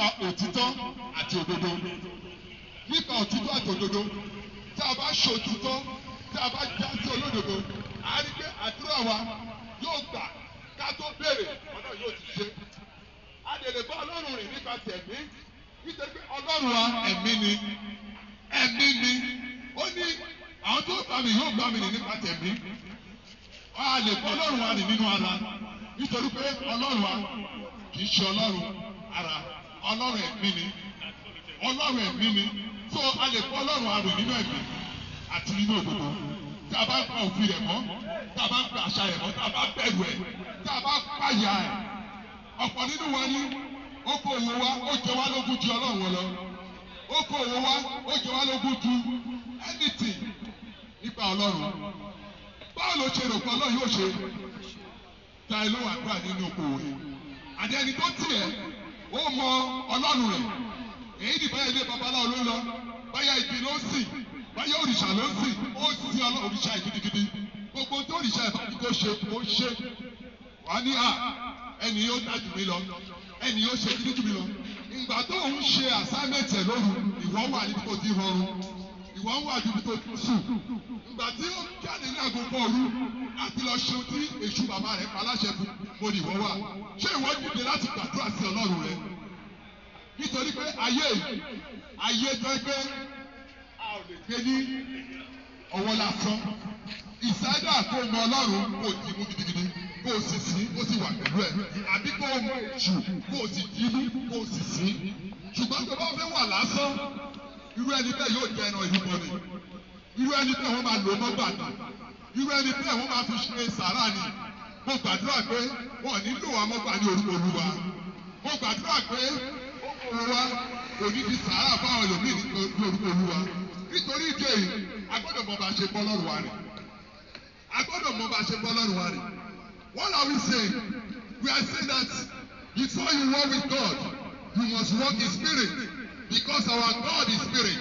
nípa òtítọ́ àti òdodo nípa òtítọ́ àti òdodo tí a bá ṣòtítọ́ tí a bá já sí olódodo a rí pé àdúrà wa yóò gbà ká tó béèrè ọ̀nà yóò ti ṣe a lè lè bá ọlọ́run rìn nípa tẹ̀mí nítorí pé ọlọ́run wa ẹ̀mí ni ẹ̀mí ni ó ní àwọn tó gbà mí yóò gbà mí rìn nípa tẹ̀mí a lè bá ọlọ́run wa rìn nínú ara nítorí pé ọlọ́run wa kì í ṣe ọlọ́run ara ọlọ́run ẹ̀mí ni ọlọ́run ẹ̀mí ni so a lè kó ọlọ́run arò nínú ẹ̀mí àti nínú òdodo tá a bá gba òfin rẹ̀ mọ́ tá a bá gba àṣà rẹ̀ mọ́ tá a bá bẹ̀rù ẹ̀ tá a bá pààyà ẹ̀ ọ̀pọ̀ nínú wa ni ó kó òwò wa ó jẹ wá lógún ju ọlọ́run lọ ó kó òwò wa ó jẹ wá lógún ju anything nípa ọlọ́run báwo ló ṣe rò pé ọlọ́run yóò ṣe ta ilé wàdúrà nínú okòwò àdéhùn tó tiẹ̀ wọ́n mọ ọlọ́run rẹ̀ èyí ni báyà ilé babaláwo ló lọ báyà ibi ló sì báyà òrìṣà ló sì ó sì òrìṣà gidigidi gbogbo tó òrìṣà ìbá ni kò ṣe kò ṣe wà ní à ẹni yóò dájú mi lọ ẹni yóò ṣe kíkú mi lọ ìgbà tó ń ṣe àsámẹ́tẹ̀ lóru ìwọ wà níbi kò ti rọrùn ìwọ ń wà dúdú tó tún sùn ìgbà tí ó jáde ní aago bọ́ọ̀lù àti lọ ṣe tí èṣù bàbá rẹ̀ paláṣẹ fún mo ní ìwọ wà ṣé ìwọ dìde láti gbàdúrà sí ọlọ́run rẹ nítorí pé ayé ayé tó ń gbé a ò lè gbé ní ọwọ́ lásán ìsáyédà kó mọ ọlọ́run kó ti mú gidigidi kó o sì sí kó o sì wà pẹ̀lú ẹ̀ àbí kó o mọ èṣù kó o sì dìbò kó o sì sí ṣùgbọ́n tó bá fẹ́ wà lásán irú ẹni bẹ́ẹ̀ yóò jẹ́ ẹran ìrúbọ ni irú ẹni bẹ́ẹ̀ wọ́n máa lò mọ́gbà ni irú ẹni bẹ́ẹ̀ wọ́n máa fi ṣe sàrà ni mo gbàdúrà pé wọn nílò wa mọ́gbà ní orúkọ olúwa mo gbàdúrà pé olúwa kò ní fi sàrà fáwọn ẹlòmíì ní orúkọ olúwa nítorí ìdí èyí a gbọ́dọ̀ mọ̀ bá ṣe bọ́ lọ́rùn wa rè a mọ̀ bá ṣe bọ́ lọ́rùn wa rè What are we saying? We are saying that before you walk with God, you must walk in spirit because our God is spirit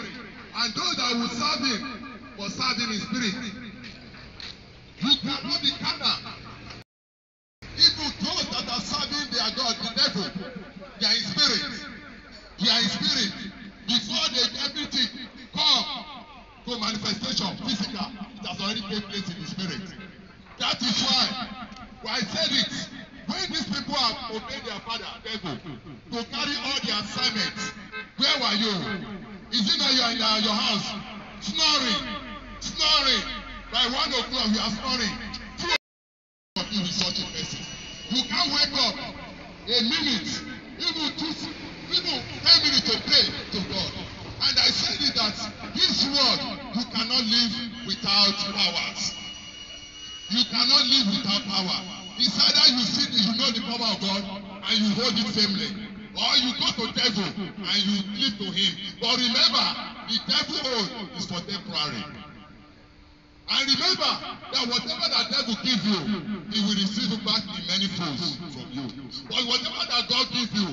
and those that will serve him must serve him in spirit. You cannot be carnal. Even those that are serving their God, the devil, they are in spirit. They are in spirit. Before they everything come to manifestation physical, it has already take place in the spirit. That is why, why I said it, when these people have obeyed their father, devil, are you? Is it that you are in uh, your house snoring, snoring? By one o'clock you are snoring. Two o'clock you be such a person. You can't wake up a minute, even two, even ten minutes to pray to God. And I said it that this world you cannot live without powers. You cannot live without power. It's either you see, you know the power of God, and you hold it firmly or you go to devil and you cleave to him but remember the devil own is for temporary and remember that whatever that devil give you he will receive back in many folds from you but whatever that God give you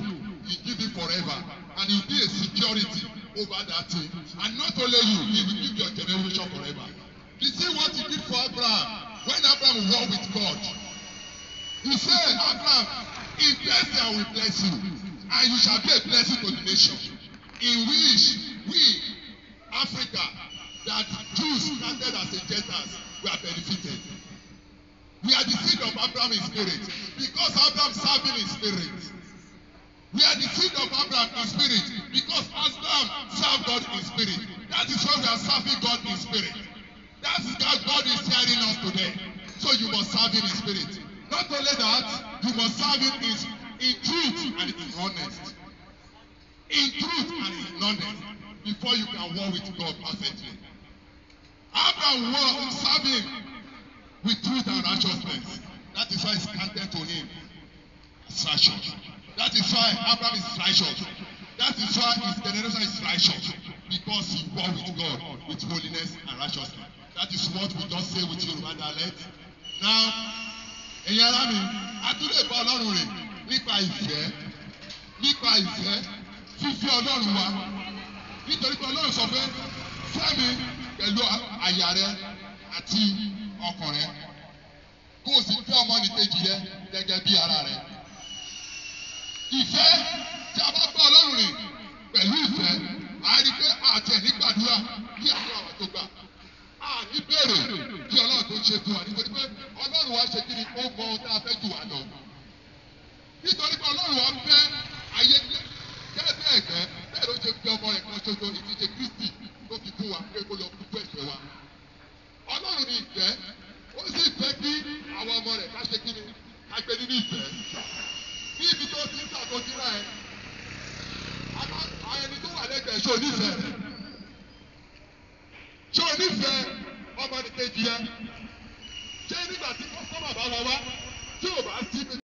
he give you forever and he be a security over that thing and not only you he will give your generation forever you see what he did for Abraham when Abraham war with God he said Abraham in blessing I will bless you and you shall be a blessing to the nation in which we Africa that Jews started as a Gentiles were benefited. We are the seed of Abraham in spirit because Abraham served in spirit. We are the seed of Abraham in spirit because Abraham served God in spirit. That is why we are serving God in spirit. That is how God is hearing us today. So you must serve him in spirit. Not only that, you must serve him in spirit. in truth and in honest in truth and in honest before you can walk with God perfectly Abraham was serving with truth and righteousness that is why it's counted to him as righteous that is why Abraham is righteous that is why his generation is righteous because he walk with God with holiness and righteousness that is what we just say with you, dialect now I do mi adúlé bọ́ ọlọ́run rè nípa ìfẹ́ nípa ìfẹ́ fífẹ́ ọlọ́run wa nítorí pé ọlọ́run sọ pé fẹ́ mi pẹ̀lú àyà rẹ àti ọkàn rẹ kó o sì fẹ́ ọmọnìkejì rẹ gẹ́gẹ́ bí ara rẹ. ìfẹ́ tí a bá gbọ́ ọlọ́run rìn pẹ̀lú ìfẹ́ a rí pé àtẹ̀ nígbàdúrà bí àwọn àwọn tó gbà á ní bèrè bí ọlọ́run tó ṣe fún wa nítorí pé ọlọ́run wa ṣe kí ni ó mọ ohun tá a fẹ́ jù wá lọ nítorí pé ọlọ́run wọn fẹ́ ayé gẹ́gẹ́ bí ẹ̀gẹ́ bẹ́ẹ̀ ló ṣe fi ọmọ ẹ̀kan ṣoṣo ìdíje kristi ló fi kú wa pé kó lọ kú fún ẹ̀ṣẹ̀ wa ọlọ́run ní ìfẹ́ ó sì fẹ́ kí àwọn ọmọ rẹ̀ ká ṣe kí ni ká gbé nínú ìfẹ́ ní ibi tó ti ń ṣàkójúra ẹ àwọn ẹni tó wà lẹ́gbẹ̀ẹ́ ṣe onífẹ̀ẹ́ ṣe onífẹ̀ẹ́ ọmọ nìkejì yẹn ṣé nígbà tí kọ́kọ́ bàbá wọn wá.